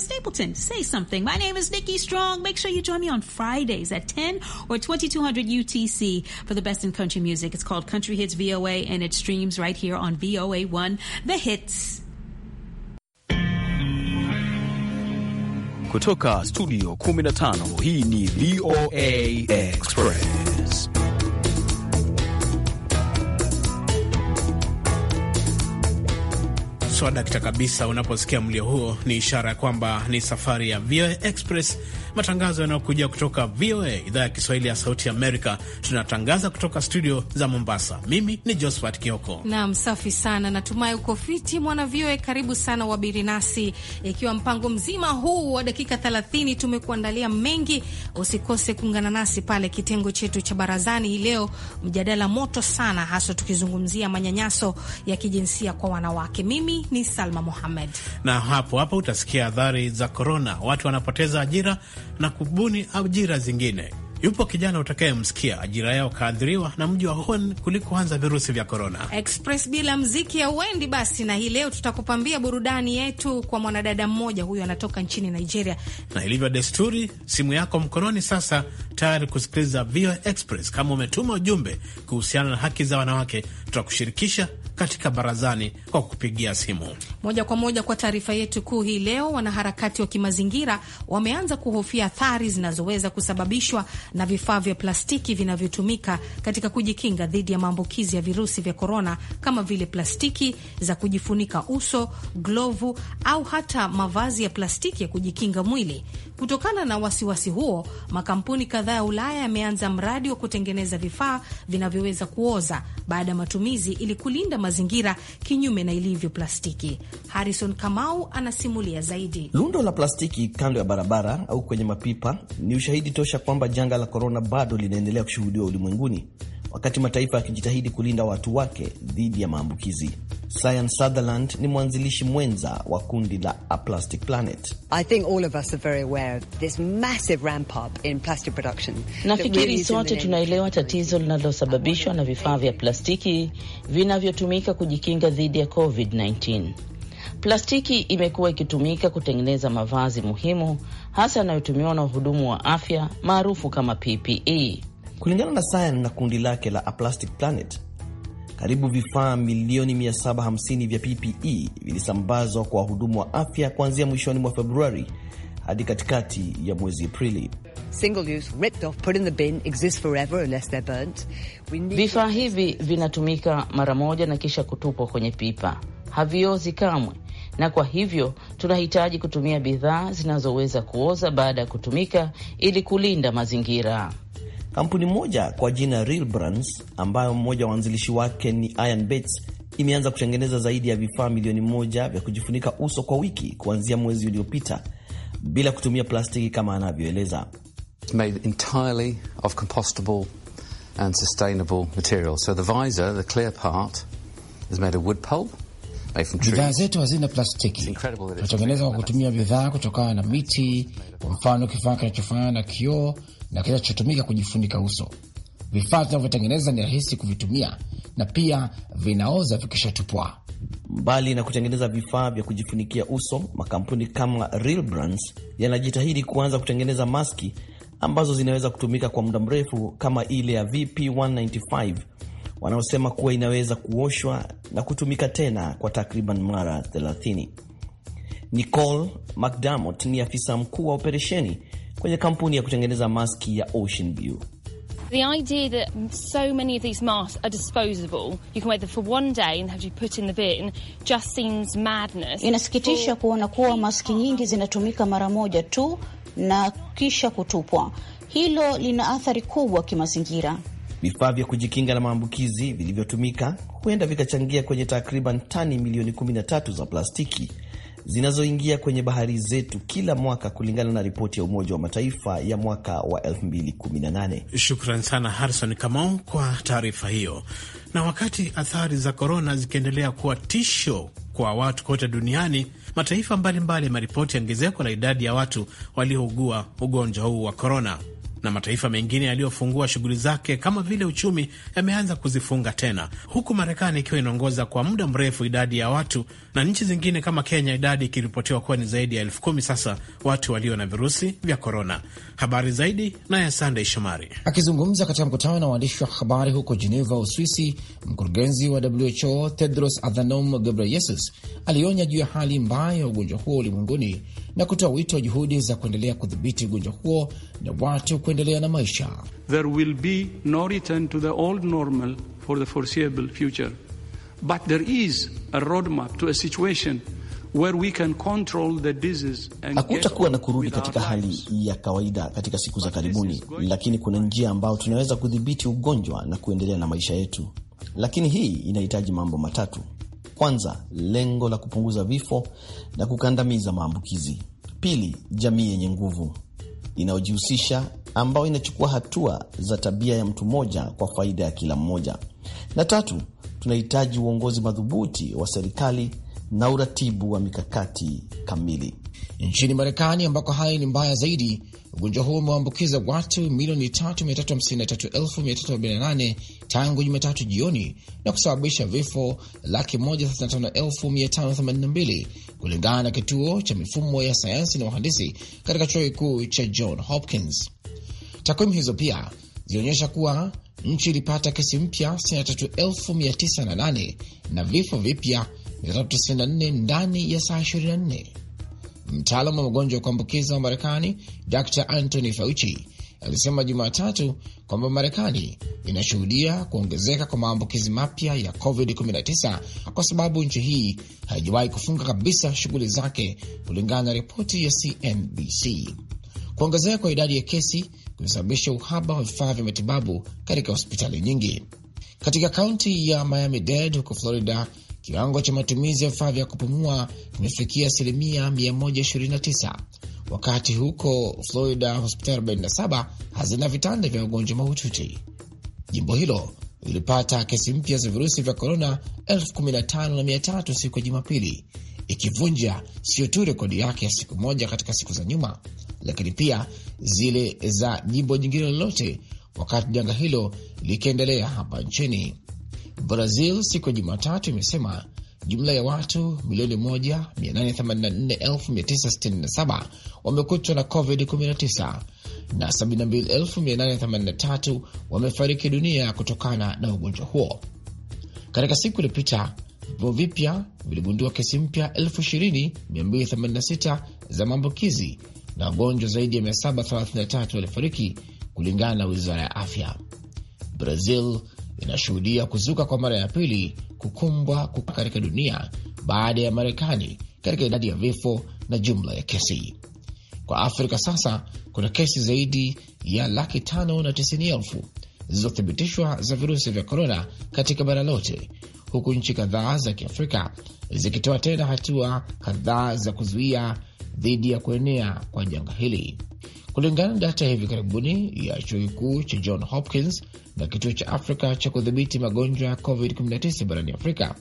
Stapleton, say something. My name is Nikki Strong. Make sure you join me on Fridays at 10 or 2200 UTC for the best in country music. It's called Country Hits VOA and it streams right here on VOA1 The Hits. Kutoka studio 15 he ni VOA Express. haswa kabisa. Unaposikia mlio huo, ni ishara ya kwamba ni safari ya VOA Express matangazo yanayokuja kutoka VOA idhaa ya Kiswahili ya Sauti Amerika. Tunatangaza kutoka studio za Mombasa. Mimi ni Josphat Kioko. Naam, safi sana, natumai uko fiti mwana VOA. Karibu sana wabiri nasi, ikiwa mpango mzima huu wa dakika 30 tumekuandalia mengi. Usikose kuungana nasi pale kitengo chetu cha barazani hii leo, mjadala moto sana, hasa tukizungumzia manyanyaso ya kijinsia kwa wanawake. Mimi ni Salma Mohamed, na hapo hapo utasikia athari za korona, watu wanapoteza ajira na kubuni ajira zingine. Yupo kijana utakayemsikia ajira yao kaadhiriwa na mji wa Wuhan kulikoanza virusi vya korona. Express bila mziki hauendi. Basi na hii leo tutakupambia burudani yetu kwa mwanadada mmoja, huyu anatoka nchini Nigeria, na ilivyo desturi, simu yako mkononi sasa, tayari kusikiliza VOA Express. Kama umetuma ujumbe kuhusiana na haki za wanawake, tutakushirikisha katika barazani kwa kupigia simu moja kwa moja. Kwa taarifa yetu kuu hii leo, wanaharakati wa kimazingira wameanza kuhofia athari zinazoweza kusababishwa na vifaa vya plastiki vinavyotumika katika kujikinga dhidi ya maambukizi ya virusi vya korona, kama vile plastiki za kujifunika uso, glovu au hata mavazi ya plastiki ya kujikinga mwili. Kutokana na wasiwasi wasi huo, makampuni kadhaa ya Ulaya yameanza mradi wa kutengeneza vifaa vinavyoweza kuoza baada ya matumizi ili kulinda mazingira kinyume na ilivyo plastiki. Harrison Kamau anasimulia zaidi. Lundo la plastiki kando ya barabara au kwenye mapipa ni ushahidi tosha kwamba janga la korona bado linaendelea kushuhudiwa ulimwenguni wakati mataifa yakijitahidi kulinda watu wake dhidi ya maambukizi. Sian Sutherland ni mwanzilishi mwenza wa kundi la A Plastic Planet. Nafikiri sote tunaelewa tatizo linalosababishwa na vifaa vya plastiki vinavyotumika kujikinga dhidi ya COVID-19. Plastiki imekuwa ikitumika kutengeneza mavazi muhimu, hasa yanayotumiwa na wahudumu wa afya maarufu kama PPE. Kulingana na Cyan na kundi lake la A Plastic Planet, karibu vifaa milioni 750 vya PPE vilisambazwa kwa wahudumu wa afya kuanzia mwishoni mwa Februari hadi katikati ya mwezi Aprili. Vifaa hivi vinatumika mara moja na kisha kutupwa kwenye pipa, haviozi kamwe, na kwa hivyo tunahitaji kutumia bidhaa zinazoweza kuoza baada ya kutumika ili kulinda mazingira. Kampuni moja kwa jina Real Brands ambayo mmoja wa waanzilishi wake ni Ian Bates imeanza kutengeneza zaidi ya vifaa milioni moja vya kujifunika uso kwa wiki kuanzia mwezi uliopita bila kutumia plastiki kama anavyoeleza. Bidhaa zetu hazina plastiki. Tunatengeneza kwa kutumia bidhaa kutokana na miti. Kwa mfano, kifaa kinachofanana na kioo na kinachotumika kujifunika uso. Vifaa vinavyotengeneza ni rahisi kuvitumia na pia vinaoza vikishatupwa. Mbali na kutengeneza vifaa vya kujifunikia uso, makampuni kama Real Brands yanajitahidi kuanza kutengeneza maski ambazo zinaweza kutumika kwa muda mrefu kama ile ya VP195 wanaosema kuwa inaweza kuoshwa na kutumika tena kwa takriban mara 30. Nicole McDermott ni afisa mkuu wa operesheni kwenye kampuni ya kutengeneza maski ya Ocean View. The idea that so many of these masks are disposable, you can wear them for one day and have to put in the bin, just seems madness. Inasikitisha kuona kuwa maski nyingi zinatumika mara moja tu na kisha kutupwa. Hilo lina athari kubwa kimazingira. Vifaa vya kujikinga na maambukizi vilivyotumika huenda vikachangia kwenye takriban tani milioni 13 za plastiki zinazoingia kwenye bahari zetu kila mwaka kulingana na ripoti ya Umoja wa Mataifa ya mwaka wa 2018. Shukran sana Harrison Kamau kwa taarifa hiyo. Na wakati athari za korona zikiendelea kuwa tisho kwa watu kote duniani, mataifa mbalimbali yameripoti ongezeko la idadi ya watu waliougua ugonjwa huu wa korona na mataifa mengine yaliyofungua shughuli zake kama vile uchumi yameanza kuzifunga tena, huku Marekani ikiwa inaongoza kwa muda mrefu idadi ya watu na nchi zingine kama Kenya idadi ikiripotiwa kuwa ni zaidi ya elfu kumi sasa watu walio na virusi vya korona. Habari zaidi naye Sandey Shomari. Akizungumza katika mkutano na waandishi wa habari huko Geneva, Uswisi, mkurugenzi wa WHO Tedros Adhanom Ghebreyesus alionya juu ya hali mbaya ya ugonjwa huo ulimwenguni na kutoa wito wa juhudi za kuendelea kudhibiti ugonjwa huo na watu kuendelea na maisha. There will be no return to the old normal for the foreseeable future but there is a roadmap to a situation where we can control the disease. Hakutakuwa na kurudi katika hali ya kawaida katika siku za karibuni, lakini kuna njia ambayo tunaweza kudhibiti ugonjwa na kuendelea na maisha yetu, lakini hii inahitaji mambo matatu. Kwanza, lengo la kupunguza vifo na kukandamiza maambukizi. Pili, jamii yenye nguvu inayojihusisha ambayo inachukua hatua za tabia ya mtu mmoja kwa faida ya kila mmoja. Na tatu, tunahitaji uongozi madhubuti wa serikali na uratibu wa mikakati kamili. Nchini Marekani ambako hali ni mbaya zaidi, ugonjwa huo umewaambukiza watu milioni 353,348 tangu Jumatatu jioni na kusababisha vifo 135,582 kulingana na kituo cha mifumo ya sayansi na uhandisi katika chuo kikuu cha John Hopkins. Takwimu hizo pia zilionyesha kuwa nchi ilipata kesi mpya 63,908 na vifo vipya 394 ndani ya saa 24. Mtaalamu wa magonjwa ya kuambukiza wa Marekani Dr Anthony Fauci alisema Jumatatu kwamba Marekani inashuhudia kuongezeka kwa maambukizi mapya ya COVID-19 kwa sababu nchi hii haijawahi kufunga kabisa shughuli zake, kulingana na ripoti ya CNBC. Kuongezeka kwa idadi ya kesi kumesababisha uhaba wa vifaa vya matibabu katika hospitali nyingi. Katika kaunti ya Miami Dade huko Florida, kiwango cha matumizi ya vifaa vya kupumua kimefikia asilimia 129, wakati huko Florida hospitali 47 hazina vitanda vya wagonjwa mahututi. Jimbo hilo lilipata kesi mpya za virusi vya korona 15,300 siku ya Jumapili, ikivunja sio tu rekodi yake ya siku moja katika siku za nyuma, lakini pia zile za jimbo jingine lolote, wakati janga hilo likiendelea hapa nchini. Brazil siku ya Jumatatu imesema jumla ya watu milioni 1,884,967 wamekutwa na COVID-19 na 72,883 wamefariki dunia kutokana na ugonjwa huo. Katika siku iliyopita vipimo vipya viligundua kesi mpya 20,286 za maambukizi na wagonjwa zaidi ya 733 walifariki kulingana na wizara ya afya. Brazil inashuhudia kuzuka kwa mara ya pili kukumbwa katika dunia baada ya Marekani katika idadi ya vifo na jumla ya kesi. Kwa Afrika sasa kuna kesi zaidi ya laki tano na tisini elfu zilizothibitishwa za virusi vya korona katika bara lote, huku nchi kadhaa za Kiafrika zikitoa tena hatua kadhaa za kuzuia dhidi ya kuenea kwa janga hili kulingana na data hivi karibuni ya chuo kikuu cha John Hopkins na kituo cha Afrika cha kudhibiti magonjwa ya COVID-19 barani Afrika.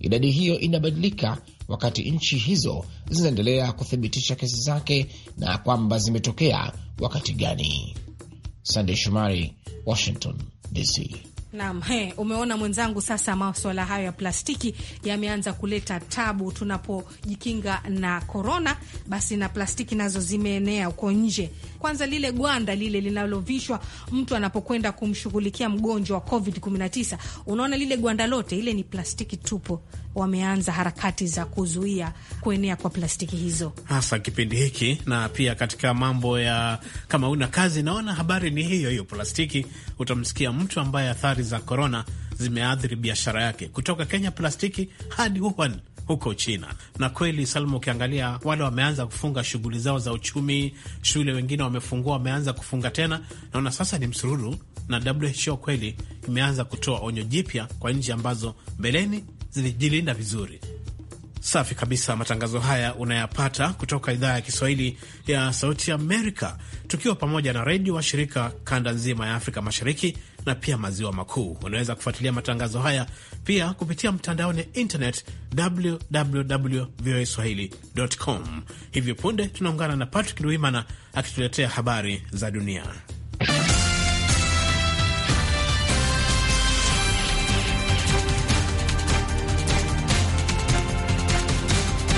Idadi hiyo inabadilika wakati nchi hizo zinaendelea kuthibitisha kesi zake na kwamba zimetokea wakati gani. Sandey Shomari, Washington DC. Naam, he, umeona mwenzangu. Sasa maswala hayo ya plastiki yameanza kuleta tabu. Tunapojikinga na korona, basi na plastiki nazo zimeenea huko nje kwanza lile gwanda lile linalovishwa mtu anapokwenda kumshughulikia mgonjwa wa COVID 19, unaona lile gwanda lote ile ni plastiki tupo. Wameanza harakati za kuzuia kuenea kwa plastiki hizo, hasa kipindi hiki. Na pia katika mambo ya kama una kazi, naona habari ni hiyo hiyo plastiki, utamsikia mtu ambaye athari za korona zimeathiri biashara yake kutoka Kenya plastiki hadi Wuhan huko China. Na kweli Salma, ukiangalia wale wameanza kufunga shughuli zao za uchumi, shule wengine wamefungua, wameanza kufunga tena. Naona sasa ni msururu, na WHO kweli imeanza kutoa onyo jipya kwa nchi ambazo mbeleni zilijilinda vizuri. Safi kabisa. Matangazo haya unayapata kutoka idhaa ya Kiswahili ya Sauti Amerika, tukiwa pamoja na redio wa shirika kanda nzima ya Afrika Mashariki na pia maziwa makuu. Unaweza kufuatilia matangazo haya pia kupitia mtandaoni internet swahilicom hivyo punde tunaungana na Patrick Duimana akituletea habari za dunia.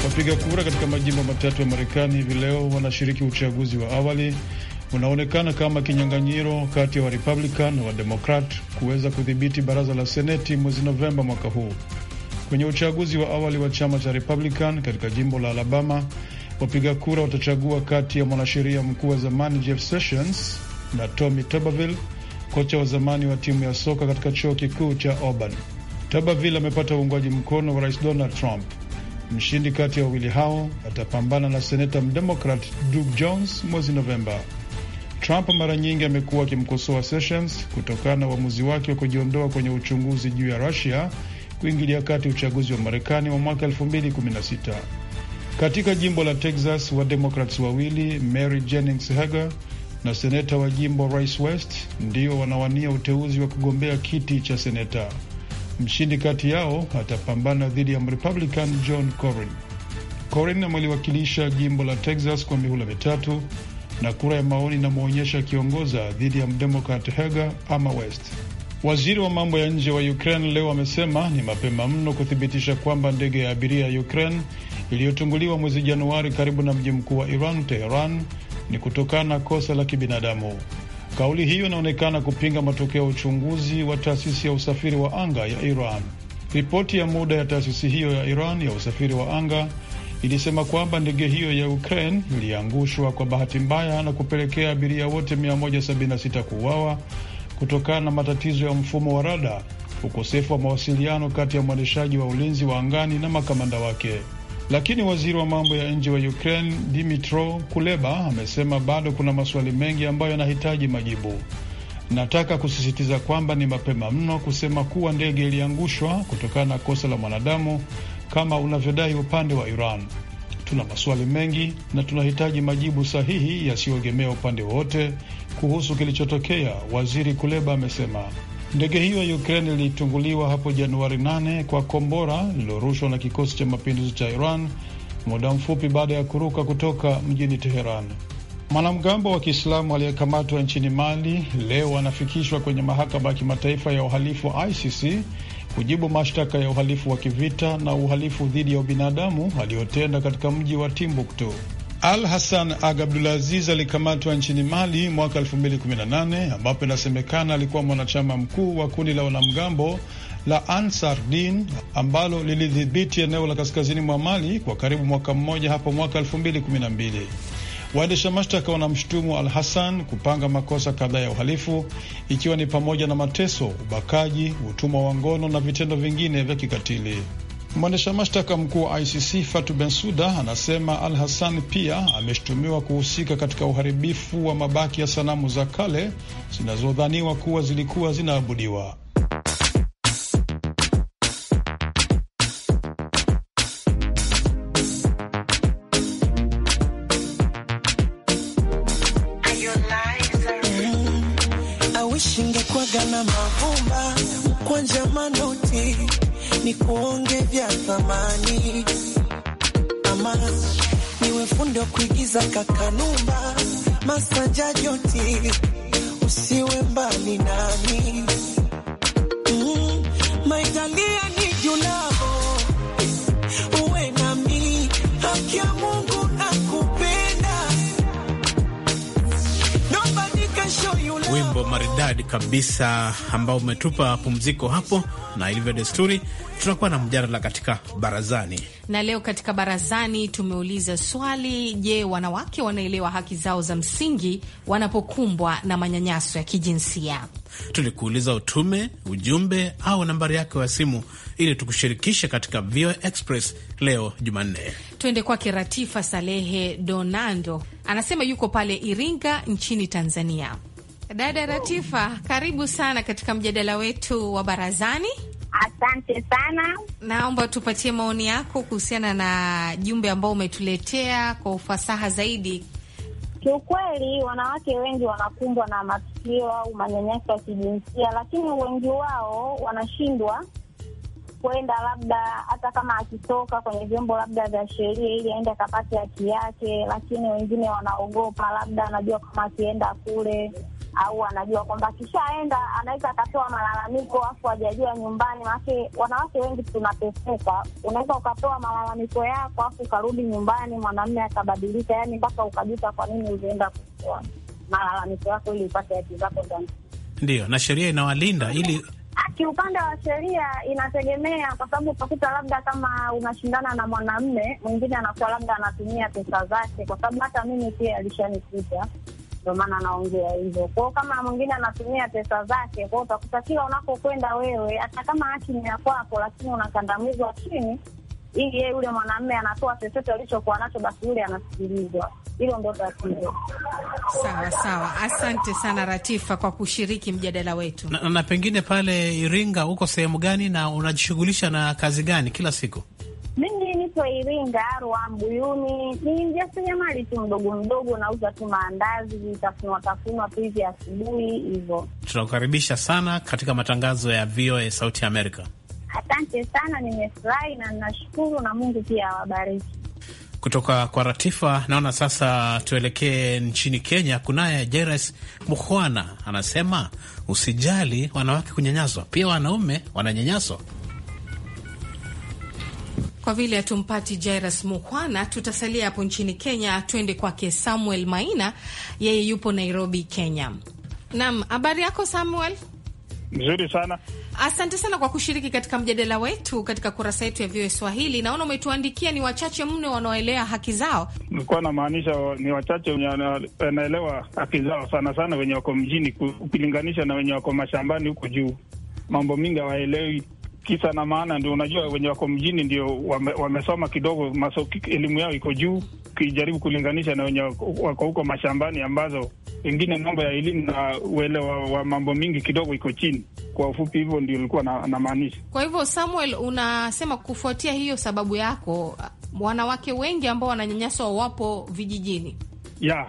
Wapiga kura katika majimbo matatu ya Marekani hivi leo wanashiriki uchaguzi wa awali unaonekana kama kinyang'anyiro kati ya wa Republican na wa kuweza kudhibiti baraza la Seneti mwezi Novemba mwaka huu. Kwenye uchaguzi wa awali wa chama cha Republican katika jimbo la Alabama, wapiga kura watachagua kati ya mwanasheria mkuu wa zamani Jeff Sessions na Tommy Tuberville, kocha wa zamani wa timu ya soka katika chuo kikuu cha Auburn. Tuberville amepata uungwaji mkono wa Rais Donald Trump. Mshindi kati ya wawili hao atapambana na seneta mdemokrat Doug Jones mwezi Novemba. Trump mara nyingi amekuwa akimkosoa Sessions kutokana na uamuzi wake wa kujiondoa kwenye uchunguzi juu ya Rusia kuingilia kati uchaguzi wa Marekani wa mwaka 2016. Katika jimbo la Texas, wademokrats wawili Mary Jennings Hager na seneta wa jimbo Rice West ndio wanawania uteuzi wa kugombea kiti cha seneta. Mshindi kati yao atapambana dhidi ya Mrepublican John Corin. Corin ameliwakilisha jimbo la Texas kwa mihula mitatu na kura ya maoni inamwonyesha akiongoza dhidi ya mdemokrat Heger ama West. Waziri wa mambo ya nje wa Ukraine leo amesema ni mapema mno kuthibitisha kwamba ndege ya abiria ya Ukraine iliyotunguliwa mwezi Januari karibu na mji mkuu wa Iran, Teheran, ni kutokana na kosa la kibinadamu. Kauli hiyo inaonekana kupinga matokeo ya uchunguzi wa taasisi ya usafiri wa anga ya Iran. Ripoti ya muda ya taasisi hiyo ya Iran ya usafiri wa anga ilisema kwamba ndege hiyo ya Ukraine iliangushwa kwa bahati mbaya na kupelekea abiria wote 176 kuuawa kutokana na matatizo ya mfumo wa rada, ukosefu wa mawasiliano kati ya mwendeshaji wa ulinzi wa angani na makamanda wake. Lakini waziri wa mambo ya nje wa Ukraine Dimitro Kuleba amesema bado kuna maswali mengi ambayo yanahitaji majibu. Nataka kusisitiza kwamba ni mapema mno kusema kuwa ndege iliangushwa kutokana na kosa la mwanadamu kama unavyodai upande wa Iran. Tuna maswali mengi na tunahitaji majibu sahihi yasiyoegemea upande wowote kuhusu kilichotokea, waziri Kuleba amesema. Ndege hiyo ya Ukraine ilitunguliwa hapo Januari 8 kwa kombora lililorushwa na kikosi cha mapinduzi cha Iran muda mfupi baada ya kuruka kutoka mjini Teheran. Mwanamgambo wa Kiislamu aliyekamatwa nchini Mali leo anafikishwa kwenye mahakama ya kimataifa ya uhalifu wa ICC kujibu mashtaka ya uhalifu wa kivita na uhalifu dhidi ya ubinadamu aliyotenda katika mji wa Timbuktu. Al Hassan Ag Abdulaziz alikamatwa nchini Mali mwaka 2018 ambapo inasemekana alikuwa mwanachama mkuu wa kundi la wanamgambo la Ansar Din ambalo lilidhibiti eneo la kaskazini mwa Mali kwa karibu mwaka mmoja hapo mwaka 2012. Waendesha mashtaka wanamshutumu Al Hassan kupanga makosa kadhaa ya uhalifu ikiwa ni pamoja na mateso, ubakaji, utumwa wa ngono na vitendo vingine vya kikatili. Mwendesha mashtaka mkuu wa ICC Fatu Bensuda anasema Al Hassan pia ameshutumiwa kuhusika katika uharibifu wa mabaki ya sanamu za kale zinazodhaniwa kuwa zilikuwa zinaabudiwa. kuachana mavumba kwanja manoti ni kuonge vya thamani, ama niwe fundi wa kuigiza kakanumba masanja joti, usiwe mbali nami mm, maitalia ni junavo wimbo maridadi kabisa ambao umetupa pumziko hapo, na ilivyo desturi, tunakuwa na mjadala katika barazani. Na leo katika barazani tumeuliza swali: je, wanawake wanaelewa haki zao za msingi wanapokumbwa na manyanyaso ya kijinsia? Tulikuuliza utume ujumbe au nambari yake ya simu ili tukushirikishe katika VOA Express leo Jumanne. Tuende kwake Ratifa Salehe Donando, anasema yuko pale Iringa nchini Tanzania. Dada ratifa karibu sana katika mjadala wetu wa barazani. Asante sana. Naomba tupatie maoni yako kuhusiana na jumbe ambao umetuletea kwa ufasaha zaidi. Kiukweli, wanawake wengi wanakumbwa na matukio au manyanyaso ya kijinsia, lakini wengi wao wanashindwa kwenda, labda hata kama akitoka kwenye vyombo labda vya sheria ili aende akapate haki yake, lakini wengine wanaogopa, labda anajua kama akienda kule au anajua kwamba akishaenda anaweza akatoa malalamiko afu ajajua nyumbani, maake wanawake wengi tunateseka. Unaweza ukatoa malalamiko yako afu ukarudi nyumbani mwanamume akabadilika, yani mpaka ukajuta kwa nini ulienda kutoa malalamiko yako ili upate haki zako za ndio, na sheria inawalinda ili ah, kiupande wa sheria inategemea, kwa sababu utakuta labda kama unashindana na mwanamme mwingine, anakuwa labda anatumia pesa zake, kwa sababu hata mimi pia alishanikuta ndio maana anaongea hivyo. Kwao kama mwingine anatumia pesa zake, kwao utakuta kila unakokwenda wewe, hata kama haki ni ya kwako, lakini unakandamizwa chini, ili yeye yule mwanamme anatoa chochote alichokuwa nacho, basi yule anasikilizwa. Hilo ndo tatizo. Sawa sawa, asante sana Ratifa kwa kushiriki mjadala wetu. Na, na pengine pale Iringa, uko sehemu gani na unajishughulisha na kazi gani kila siku? Mimi naitwa Iringa Arwa Mbuyuni. Ni mjasiriamali tu mdogo mdogo, nauza tu maandazi, vitafunwa tafunwa tu hivi asubuhi hivyo. Tunakukaribisha sana katika matangazo ya VOA Sauti Amerika. Asante sana, nimefurahi na nashukuru na Mungu pia awabariki. Kutoka kwa Ratifa naona sasa tuelekee nchini Kenya. Kunaye Jairus Mukhwana anasema usijali wanawake kunyanyaswa, pia wanaume wananyanyaswa. Kwa vile hatumpati Jairus Mukwana, tutasalia hapo nchini Kenya, tuende kwake Samuel Maina, yeye yupo Nairobi, Kenya. Naam, habari yako Samuel? Mzuri sana, asante sana kwa kushiriki katika mjadala wetu katika kurasa yetu ya VOA Swahili. Naona umetuandikia ni wachache mno wanaoelewa haki zao. Nilikuwa namaanisha ni wachache wenye wanaelewa haki zao, sana sana wenye wako mjini, ukilinganisha na wenye wako mashambani huko juu, mambo mingi hawaelewi kisa na maana, ndio unajua wenye wako mjini ndio wame, wamesoma kidogo, elimu yao iko juu ukijaribu kulinganisha na wenye wako huko mashambani, ambazo pengine mambo ya elimu na uelewa wa mambo mingi kidogo iko chini. Kwa ufupi, hivyo ndio ilikuwa namaanisha na. Kwa hivyo, Samuel, unasema kufuatia hiyo sababu yako wanawake wengi ambao wananyanyaswa wapo vijijini ya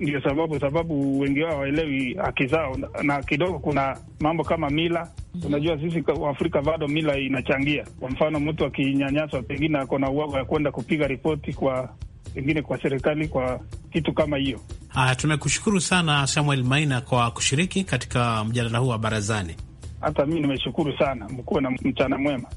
Ndio sababu sababu wengi wao hawaelewi haki zao, na kidogo kuna mambo kama mila Mhm. Unajua sisi Waafrika bado mila inachangia. Kwa mfano, mtu akinyanyaswa, pengine ako na uoga ya kwenda kupiga ripoti kwa pengine kwa serikali kwa kitu kama hiyo. Haya, tumekushukuru sana Samuel Maina kwa kushiriki katika mjadala huu wa barazani. Hata mimi nimeshukuru sana, mkuwe na mchana mwema.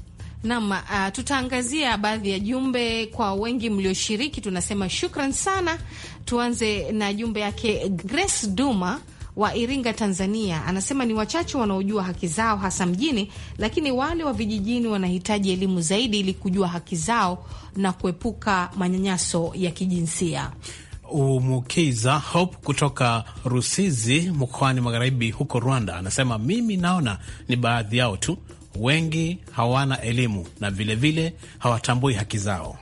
Naam, uh, tutaangazia baadhi ya jumbe kwa wengi mlioshiriki, tunasema shukran sana. Tuanze na jumbe yake Grace Duma wa Iringa, Tanzania, anasema ni wachache wanaojua haki zao hasa mjini, lakini wale wa vijijini wanahitaji elimu zaidi ili kujua haki zao na kuepuka manyanyaso ya kijinsia. Umukiza Hope kutoka Rusizi mkoani Magharibi huko Rwanda anasema mimi naona ni baadhi yao tu, wengi hawana elimu na vilevile hawatambui haki zao.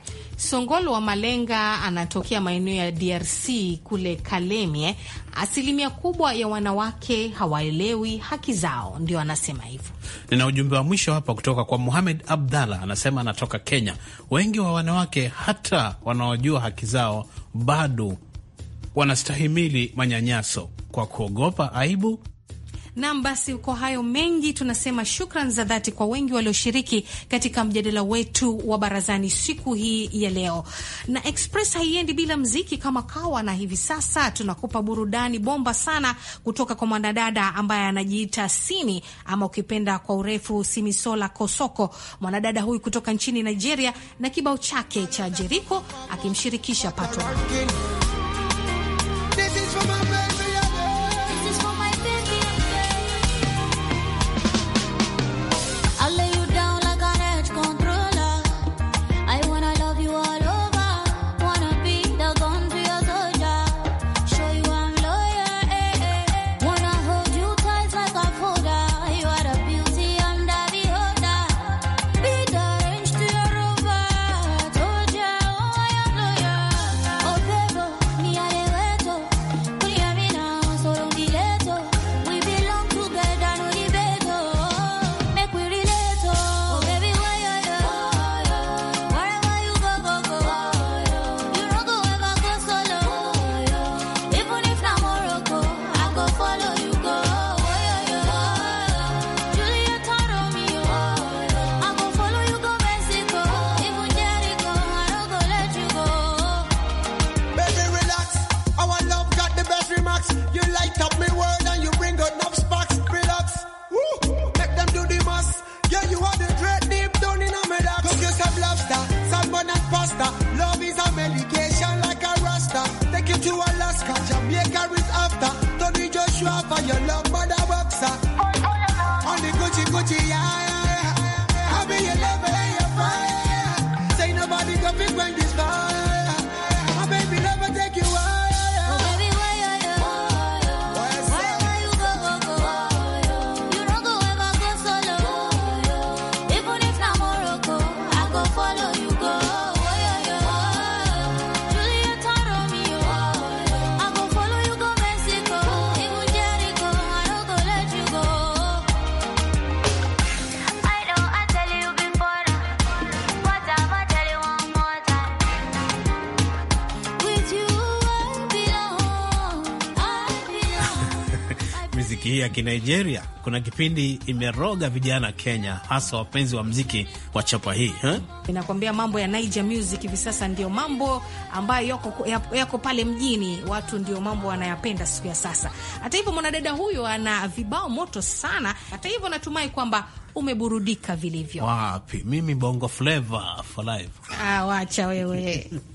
Songolo wa Malenga anatokea maeneo ya DRC kule Kalemie. Asilimia kubwa ya wanawake hawaelewi haki zao, ndio anasema hivyo. Nina ujumbe wa mwisho hapa kutoka kwa Muhamed Abdallah, anasema anatoka Kenya. Wengi wa wanawake hata wanaojua haki zao bado wanastahimili manyanyaso kwa kuogopa aibu Nam, basi kwa hayo mengi tunasema shukran za dhati kwa wengi walioshiriki katika mjadala wetu wa barazani siku hii ya leo. Na Express haiendi bila mziki kama kawa, na hivi sasa tunakupa burudani bomba sana kutoka kwa mwanadada ambaye anajiita Simi ama ukipenda kwa urefu Simisola Kosoko, mwanadada huyu kutoka nchini Nigeria na kibao chake cha Jeriko akimshirikisha Pato. hii ya Kinigeria, kuna kipindi imeroga vijana Kenya, hasa wapenzi wa mziki wa chapa hii huh? Inakwambia mambo ya Niger music hivi sasa ndio mambo ambayo yako, yako pale mjini, watu ndio mambo wanayapenda siku ya sasa. Hata hivyo mwanadada huyo ana vibao moto sana. Hata hivyo natumai kwamba umeburudika vilivyo. Wapi mimi bongo flava for life. Ah, wacha wewe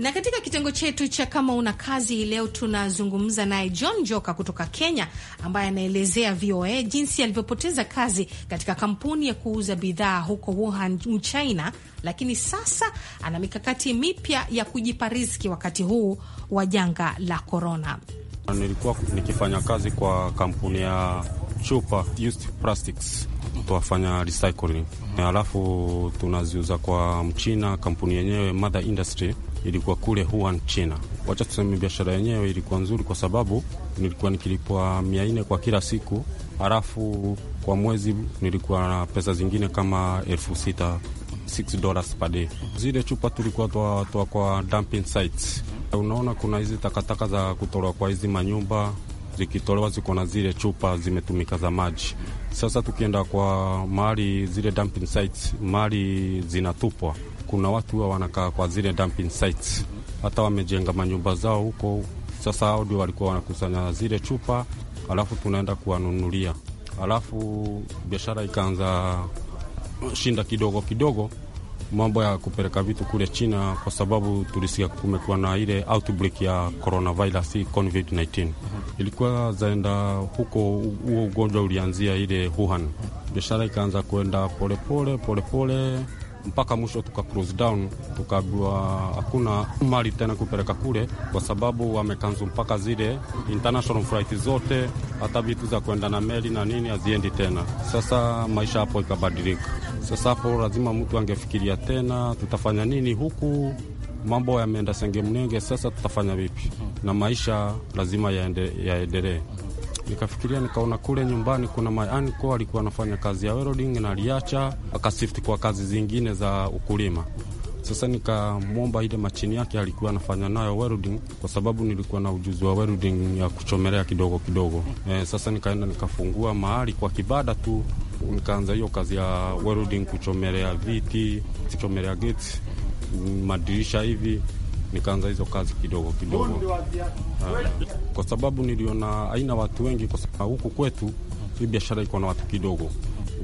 Na katika kitengo chetu cha kama una kazi leo tunazungumza naye John Joka kutoka Kenya, ambaye anaelezea VOA jinsi alivyopoteza kazi katika kampuni ya kuuza bidhaa huko Wuhan, China, lakini sasa ana mikakati mipya ya kujipa riziki wakati huu wa janga la korona. Nilikuwa nikifanya kazi kwa kampuni ya chupa used plastics tuwafanya recycling, mhm. alafu tunaziuza kwa mchina kampuni yenyewe mother industry ilikuwa kule Wuhan, China. Wacha tuseme biashara yenyewe ilikuwa nzuri, kwa sababu nilikuwa nikilipwa mia nne kwa kila siku, halafu kwa mwezi nilikuwa na pesa zingine kama elfu sita dollars per day. Zile chupa tulikuwa twatoa kwa dumping sites. Unaona kuna hizi takataka za kutolewa kwa hizi manyumba zikitolewa ziko na zile chupa zimetumika za maji. Sasa tukienda kwa mahali zile dumping sites, mahali zinatupwa kuna watu huwa wanakaa kwa zile dumping sites, hata wamejenga manyumba zao huko. Sasa hao ndio walikuwa wanakusanya zile chupa, alafu tunaenda kuwanunulia, alafu biashara ikaanza shinda kidogo kidogo mambo ya kupeleka vitu kule China kwa sababu tulisikia kumekuwa na ile outbreak ya coronavirus COVID-19, ilikuwa zaenda huko. Huo ugonjwa ulianzia ile Wuhan. Biashara ikaanza kuenda polepole polepole pole, mpaka mwisho tuka close down, tukagua hakuna mali tena kupeleka kule, kwa sababu wamekanzu mpaka zile international flight zote, hata vitu za kwenda na meli na nini haziendi tena. Sasa maisha hapo ikabadilika. Sasa hapo lazima mtu angefikiria tena, tutafanya nini huku mambo yameenda senge mnenge, sasa tutafanya vipi? Na maisha lazima yaendelee nikafikiria, nikaona kule nyumbani kuna maani kwa alikuwa anafanya kazi ya welding na aliacha akasift kwa kazi zingine za ukulima. Sasa nikamwomba ile machini yake alikuwa anafanya nayo welding, kwa sababu nilikuwa na ujuzi wa welding ya kuchomelea kidogo kidogo. E, sasa nikaenda nikafungua mahali kwa kibada tu, nikaanza hiyo kazi ya welding, kuchomelea viti, kuchomelea gate, madirisha hivi nikaanza hizo kazi kidogo kidogo, ah, kwa sababu niliona aina watu wengi huku kwetu. Hii biashara iko na watu kidogo,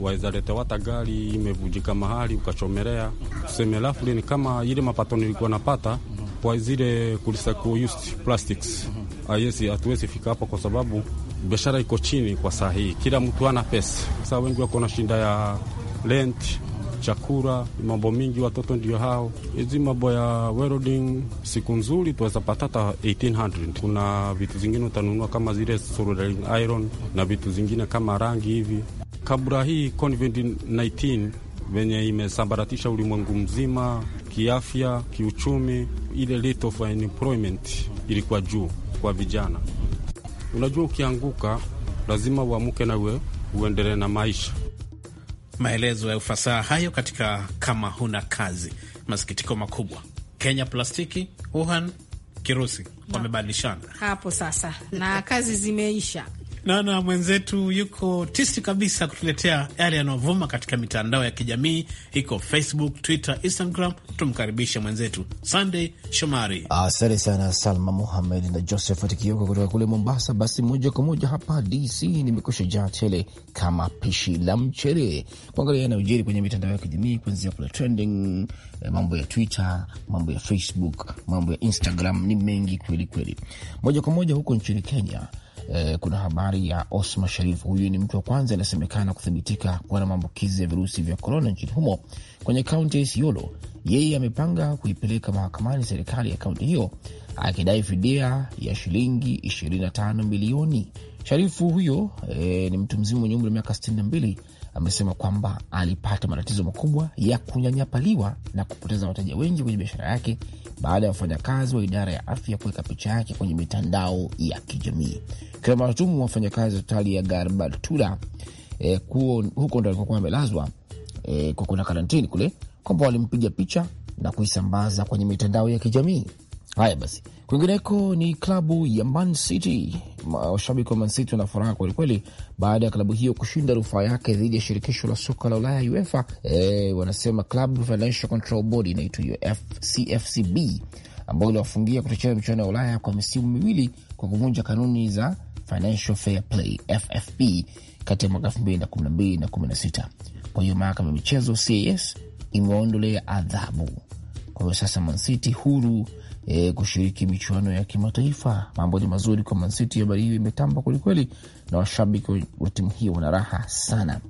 wawezaleta wata gari imevujika mahali ukachomelea, tuseme rafu Ni kama ile mapato nilikuwa napata kwa zile used plastics, ayesi ah, hatuwezi fika hapo kwa sababu biashara iko chini kwa saa hii, kila mtu ana pesa. Sasa wengi wako na shinda ya rent chakula, mambo mingi, watoto ndio hao. Hizi mambo ya welding, siku nzuri tuweza patata 1800. Kuna vitu zingine utanunua kama zile soldering iron na vitu zingine kama rangi hivi. Kabla hii COVID 19 venye imesambaratisha ulimwengu mzima kiafya, kiuchumi, ile rate of unemployment ilikuwa juu kwa vijana. Unajua, ukianguka lazima uamuke nawe uendelee na maisha maelezo ya ufasaha hayo katika kama huna kazi. Masikitiko makubwa, Kenya Plastiki, Wuhan, kirusi wamebadilishana hapo sasa, na kazi zimeisha Naona mwenzetu yuko tisi kabisa kutuletea yale yanayovuma katika mitandao ya kijamii, iko Facebook, Twitter, Instagram. Tumkaribishe mwenzetu Sunday Shomari. Asante sana Salma Muhamed na Josephat Kioko kutoka kule Mombasa. Basi moja kwa moja hapa DC nimekusha jaa tele kama pishi la mchele kuangalia yanayojiri kwenye mitandao ya kijamii, kuanzia kule trending, eh, mambo ya Twitter, mambo ya Facebook, mambo ya Instagram, ni mengi kweli kweli. Moja kwa moja huko nchini Kenya eh, kuna habari ya Osma Sharif. Huyu ni mtu wa kwanza anasemekana kuthibitika kuwa na maambukizi ya virusi vya korona nchini humo kwenye kaunti ya Isiolo. Yeye amepanga kuipeleka mahakamani serikali ya kaunti hiyo akidai fidia ya shilingi 25 milioni Sharifu huyo e, ni mtu mzima mwenye umri wa miaka 62 amesema kwamba alipata matatizo makubwa ya kunyanyapaliwa na kupoteza wateja wengi kwenye biashara yake baada ya wafanyakazi wa idara ya afya kuweka picha yake kwenye mitandao ya kijamii kiwamatumu wafanyakazi wa hospitali ya Garbatula e, huko ndo alikokuwa amelazwa e, kwa kuna karantini kule, kwamba walimpiga picha na kuisambaza kwenye mitandao ya kijamii. Haya basi, kwingineko ni klabu ya Man City. Washabiki wa Man City wana furaha kwelikweli baada ya klabu hiyo kushinda rufaa yake dhidi ya shirikisho la soka la Ulaya, UEFA. E, wanasema Club Financial Control Board inaitwayo CFCB, ambayo iliwafungia kutocheza michuano ya Ulaya kwa misimu miwili kwa kuvunja kanuni za Financial Fair Play FFP kati ya mwaka 2012 na 16. Kwa hiyo mahakama ya michezo CAS imeondolea adhabu. Kwa hiyo sasa Man City huru e, kushiriki michuano ya kimataifa. Mambo ni mazuri kwa Man City, habari hiyo imetamba kwelikweli na washabiki wa timu hiyo wana raha sana.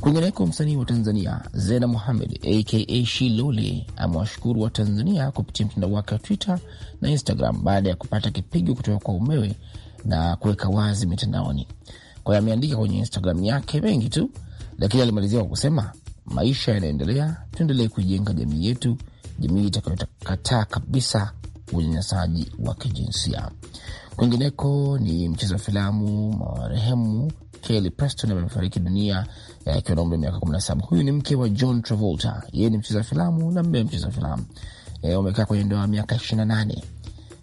Kwingineko, msanii wa Tanzania Zena Muhamed aka Shilole amewashukuru wa Tanzania kupitia mtandao wake wa Twitter na Instagram baada ya kupata kipigo kutoka kwa umewe na kuweka wazi mitandaoni. Kwa hiyo ameandika kwenye Instagram yake mengi tu, lakini alimalizia kwa kusema maisha yanaendelea, tuendelee kuijenga jamii yetu, jamii itakayokataa kabisa unyanyasaji wa kijinsia. Kwingineko ni mchezo wa filamu marehemu Kelly Preston amefariki dunia eh, akiwa na umri wa miaka 17. Huyu ni mke wa John Travolta, yeye ni mcheza filamu na mme mcheza filamu eh, wamekaa kwenye ndoa ya miaka 28.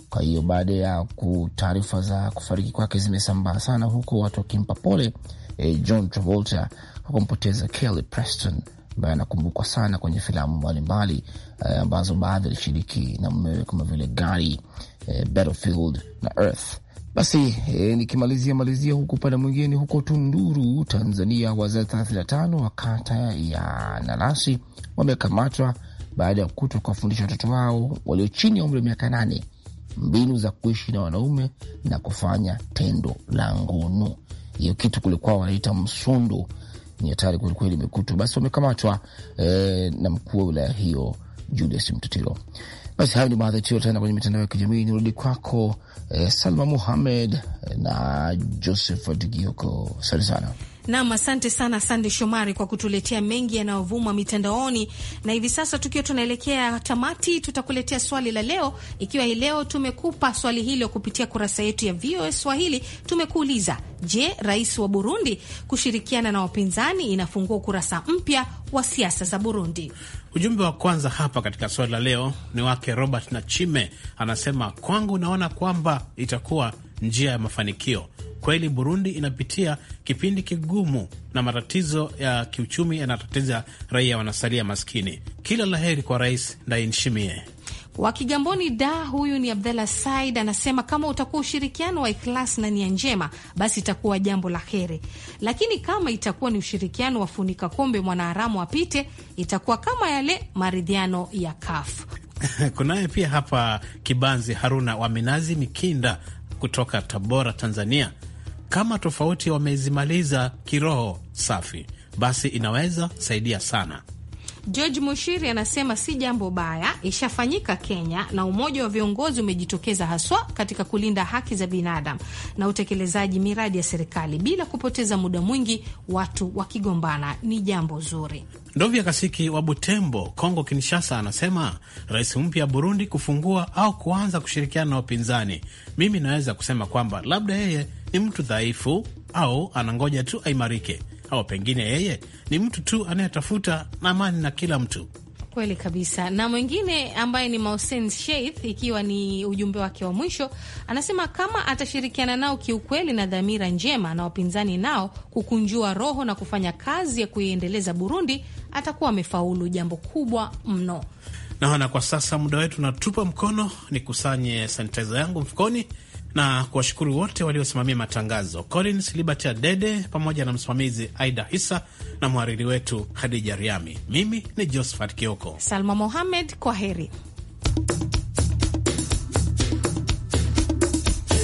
Kwa hiyo baada ya taarifa za kufariki kwake zimesambaa sana, huko watu wakimpa pole e, John Travolta kwa kumpoteza Kelly Preston ambaye anakumbukwa sana kwenye filamu mbalimbali eh, ambazo baadhi alishiriki na mmewe kama vile Gari, uh, eh, Battlefield na Earth. Basi eh, nikimalizia malizia huku upande mwingine, huko Tunduru, Tanzania, wazee tano wa kata ya Narasi wamekamatwa baada ya kutwa kuwafundisha watoto wao walio chini ya umri wa miaka nane mbinu za kuishi na wanaume na kufanya tendo la ngono. Hiyo kitu kulikuwa wanaita msundu, ni hatari kwelikweli, imekutwa basi, wamekamatwa eh, na mkuu wa wilaya hiyo Julius Mtutilo. Basi hayo ni baadhi tena kwenye mitandao ya kijamii. Nirudi kwako eh, Salma Muhamed eh, na Joseph Gioko, asante sana. Nam, asante sana Sande Shomari kwa kutuletea mengi yanayovuma mitandaoni. Na hivi sasa tukiwa tunaelekea tamati, tutakuletea swali la leo. Ikiwa hii leo tumekupa swali hilo kupitia kurasa yetu ya VOA Swahili, tumekuuliza je, rais wa Burundi kushirikiana na wapinzani inafungua ukurasa mpya wa siasa za Burundi? Ujumbe wa kwanza hapa katika swali la leo ni wake Robert Nachime, anasema kwangu naona kwamba itakuwa njia ya mafanikio kweli Burundi inapitia kipindi kigumu na matatizo ya kiuchumi yanatatiza raia, wanasalia maskini. Kila la heri kwa Rais Ndayishimiye wa Kigamboni da. Huyu ni Abdallah Said anasema kama utakuwa ushirikiano wa ikhlas na nia njema, basi itakuwa jambo la heri, lakini kama itakuwa ni ushirikiano wa funika kombe mwanaharamu apite, itakuwa kama yale maridhiano ya kaf Kunaye pia hapa Kibanzi Haruna wa Minazi Mikinda kutoka Tabora, Tanzania kama tofauti wamezimaliza kiroho safi, basi inaweza saidia sana. George Mushiri anasema si jambo baya, ishafanyika Kenya na umoja wa viongozi umejitokeza haswa katika kulinda haki za binadamu na utekelezaji miradi ya serikali bila kupoteza muda mwingi watu wakigombana, ni jambo zuri. Ndovya Kasiki wa Butembo, Kongo Kinshasa, anasema rais mpya wa Burundi kufungua au kuanza kushirikiana na wapinzani, mimi naweza kusema kwamba labda yeye ni mtu dhaifu au anangoja tu aimarike au pengine yeye ni mtu tu anayetafuta amani na kila mtu. Kweli kabisa. Na mwingine ambaye ni Mausen Sheith, ikiwa ni ujumbe wake wa mwisho, anasema kama atashirikiana nao kiukweli na dhamira njema na wapinzani nao kukunjua roho na kufanya kazi ya kuiendeleza Burundi, atakuwa amefaulu jambo kubwa mno. Naona kwa sasa muda wetu natupa mkono, nikusanye sanitiza yangu mfukoni na kuwashukuru wote waliosimamia matangazo, Collins Liberty Adede pamoja na msimamizi Aida hisa na mhariri wetu Khadija Riami. Mimi ni Josephat Kioko, Salma Mohamed, kwa heri.